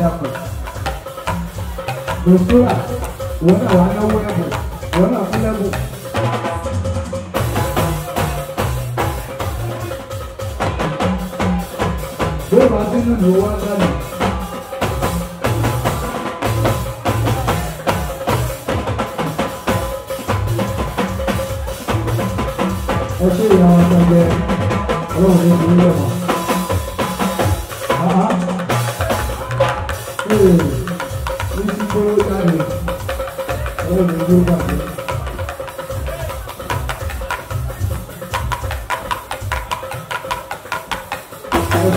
dàpọ̀ dòsúrà wọn náà wà náwó ẹ̀bùn wọn náà fún lẹ́bùn. bó bá bínú ni wọ́n ń dànù. ẹ ṣe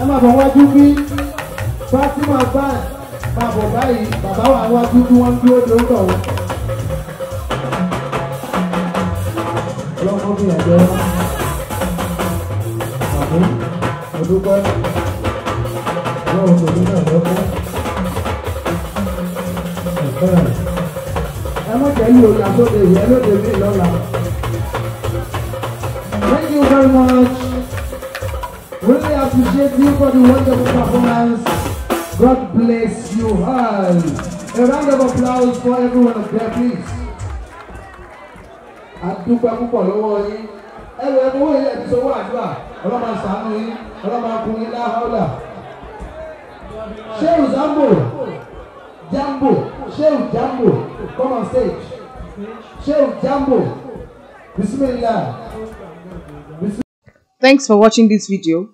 ẹ máa bọ̀ wájú bí Fatima báyìí máa bọ̀ báyìí bàbá wa wájú bí wọ́n ń dúró de ó dọ̀wọ́. lọ́kọ́ mi ẹ̀jẹ̀ àmú ọdúpẹ́ ọlọ́run kò ní náà lọ́kọ́ ẹ̀fẹ́ ẹ̀ mọ̀jẹ̀ yìí o yà sóde yẹ lóde mí lọ́la. you for the wonderful performance. God bless you all. A round of applause for everyone of them, please. sọ Zambo Jambo Jambo come on stage. Jambo Bismillah. Thanks for watching this video.